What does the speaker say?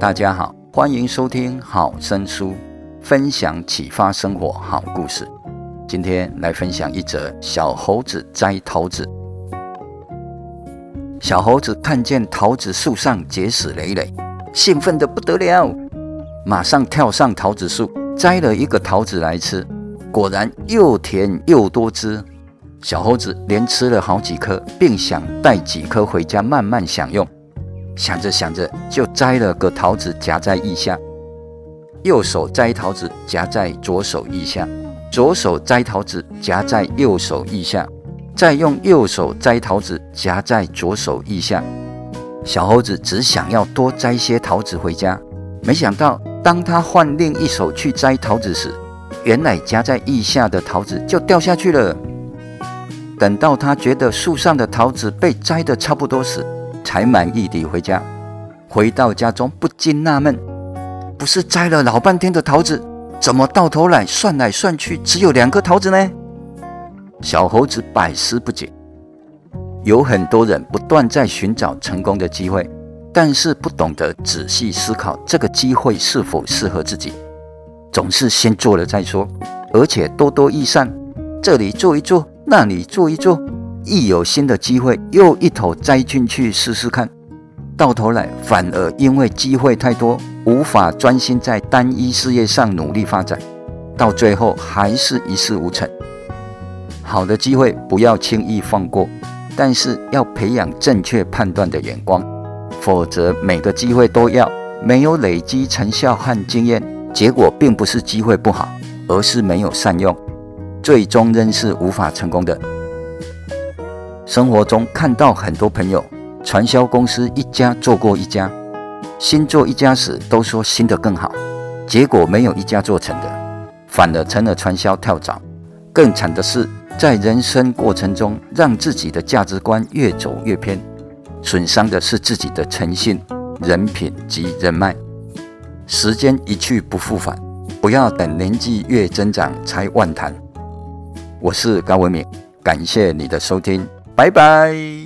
大家好，歡迎收聽好聲書，分享啟發生活好故事。今天來分享一則小猴子摘桃子。小猴子看見桃子樹上結實累累，興奮得不得了，馬上跳上桃子樹，摘了一個桃子來吃。果然又甜又多汁，小猴子連吃了好幾顆，並想帶幾顆回家慢慢享用。想着想着，就摘了個桃子夾在腋下，右手摘桃子夾在左手腋下，左手摘桃子夾在右手腋下，再用右手摘桃子夾在左手腋下。小猴子只想要多摘些桃子回家，沒想到當他換另一手去摘桃子時，原來夾在腋下的桃子就掉下去了。等到他覺得樹上的桃子被摘得差不多時，才滿意地回家。回到家中，不禁納悶：不是摘了老半天的桃子，怎麼到頭來算來算去只有兩個桃子呢？小猴子百思不解。有很多人不斷在尋找成功的機會，但是不懂得仔細思考這個機會是否適合自己，總是先做了再說，而且多多益善，這裡做一做，那裡做一做。一有新的機會，又一頭栽進去試試看，到頭來反而因為機會太多，無法專心在單一事業上努力發展，到最後還是一事無成。好的機會不要輕易放過，但是要培養正確判斷的眼光，否則每個機會都要，沒有累積成效和經驗，結果並不是機會不好，而是沒有善用，最終仍是無法成功的。生活中看到很多朋友，傳銷公司一家做過一家，新做一家時都說新的更好，結果沒有一家做成的，反而成了傳銷跳蚤。更慘的是，在人生過程中，讓自己的價值觀越走越偏，損傷的是自己的誠信、人品及人脈。時間一去不復返，不要等年紀越增長才妄談。我是高文敏，感謝你的收聽。拜拜。